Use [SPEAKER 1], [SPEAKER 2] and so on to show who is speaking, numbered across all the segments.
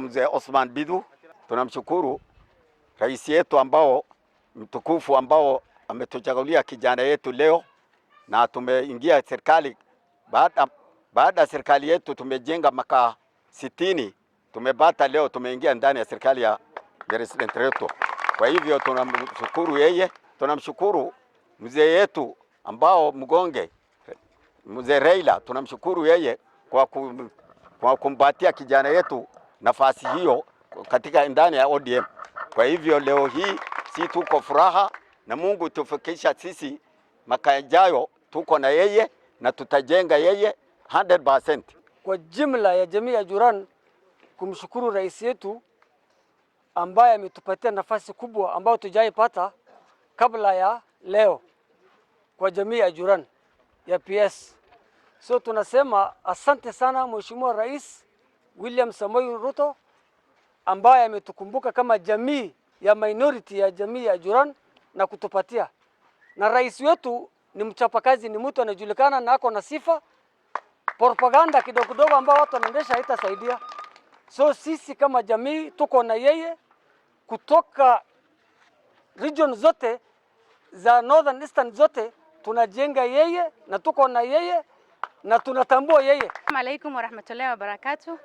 [SPEAKER 1] Mzee Osman Bidu, tunamshukuru rais yetu ambao mtukufu ambao ametuchagulia kijana yetu leo, na tumeingia serikali baada baada ya serikali yetu tumejenga maka sitini tumebata leo, tumeingia ndani ya serikali ya president Ruto. Kwa hivyo tunamshukuru yeye, tunamshukuru mzee yetu ambao mgonge mzee Raila, tunamshukuru yeye kwa, kum, kwa kumbatia kijana yetu nafasi hiyo katika ndani ya ODM. Kwa hivyo leo hii si tuko furaha, na Mungu tufikisha sisi makajayo, tuko na yeye na tutajenga yeye 100%.
[SPEAKER 2] Kwa jumla ya jamii ya Juran kumshukuru rais yetu ambaye ametupatia nafasi kubwa ambayo tujaipata kabla ya leo kwa jamii ya Juran ya PS. So tunasema asante sana Mheshimiwa Rais William Samoei Ruto ambaye ametukumbuka kama jamii ya minority ya jamii ya Juran na kutupatia. Na rais wetu ni mchapakazi, ni mtu anajulikana na ako na sifa. Propaganda kidogo kidogo ambao watu wanaendesha haitasaidia. So sisi kama jamii tuko na yeye kutoka region zote za northern eastern zote tunajenga yeye na tuko na yeye na tunatambua yeye.
[SPEAKER 3] wa rahmatullahi wa barakatuh.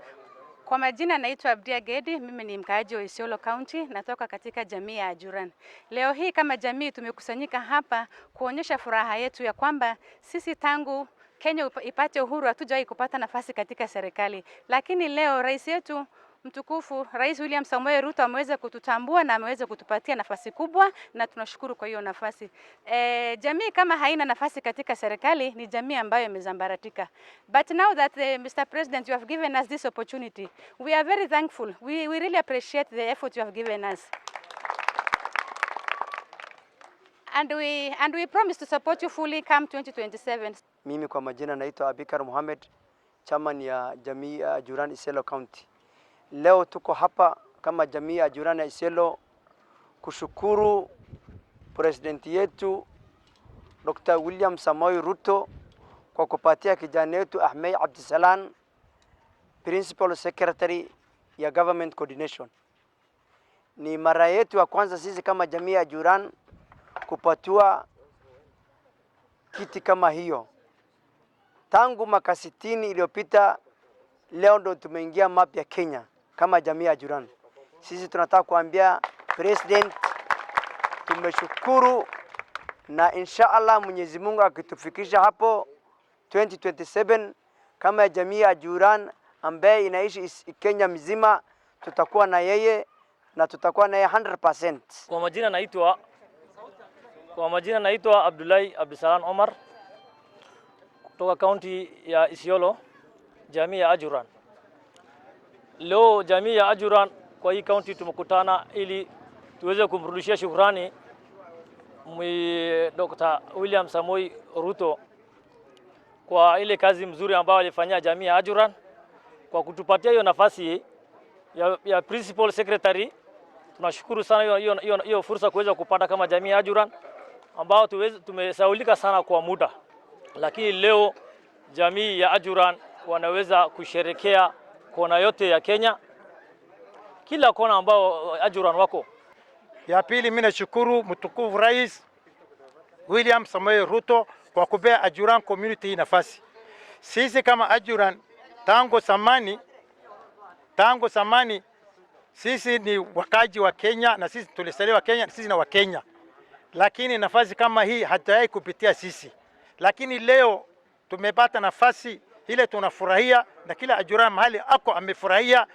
[SPEAKER 3] Kwa majina naitwa Abdia Gedi, mimi ni mkaaji wa Isiolo County, natoka katika jamii ya Ajuran. Leo hii kama jamii tumekusanyika hapa kuonyesha furaha yetu ya kwamba sisi tangu Kenya ipate uhuru hatujawahi kupata nafasi katika serikali, lakini leo rais yetu mtukufu Rais William Samoei Ruto ameweza kututambua na ameweza kutupatia nafasi kubwa, na tunashukuru kwa hiyo nafasi. E, jamii kama haina nafasi katika serikali ni jamii ambayo imezambaratika. But now that uh, eh, Mr. President you have given us this opportunity. We are very thankful. We, we really appreciate the effort you have given us. And we, and we promise to support you fully come 2027.
[SPEAKER 4] Mimi kwa majina naitwa Abikar Mohamed, chairman ya jamii ya uh, Juran Iselo County. Leo tuko hapa kama jamii ya juran ya Iselo kushukuru presidenti yetu Dr. William Samoei Ruto kwa kupatia kijana yetu Ahmed Abdisalan principal secretary ya government coordination. Ni mara yetu ya kwanza sisi kama jamii ya Juran kupatiwa kiti kama hiyo tangu makasitini iliyopita. Leo ndo tumeingia mapya Kenya kama jamii ya Juran. Sisi tunataka kuambia president, tumeshukuru na insha Allah Mwenyezi Mungu akitufikisha hapo 2027 kama jamii ya juran ambaye inaishi Kenya mzima, tutakuwa na yeye na tutakuwa yeye 100%.
[SPEAKER 5] Kwa majina naitwa kwa majina naitwa Abdullahi Abdusalam Omar kutoka kaunti ya Isiolo, jamii ya Ajuran. Leo jamii ya Ajuran kwa hii kaunti tumekutana ili tuweze kumrudishia shukrani Dr. William Samoi Ruto kwa ile kazi mzuri ambayo alifanyia jamii ya Ajuran kwa kutupatia hiyo nafasi ya, ya principal secretary. Tunashukuru sana hiyo fursa kuweza kupata kama jamii ya Ajuran ambao tumesaulika sana kwa muda, lakini leo jamii ya Ajuran wanaweza kusherekea kona yote ya Kenya, kila kona ambao eh, ajuran wako.
[SPEAKER 6] Ya pili, mimi nashukuru mtukufu Rais William Samoei Ruto kwa kupea ajuran community hii nafasi. Sisi kama ajuran tangu samani, tangu samani sisi ni wakaji wa Kenya na sisi tulizaliwa Kenya, sisi na Wakenya, lakini nafasi kama hii hatayai kupitia sisi, lakini leo tumepata nafasi ile tunafurahia na kila ajira mahali ako amefurahia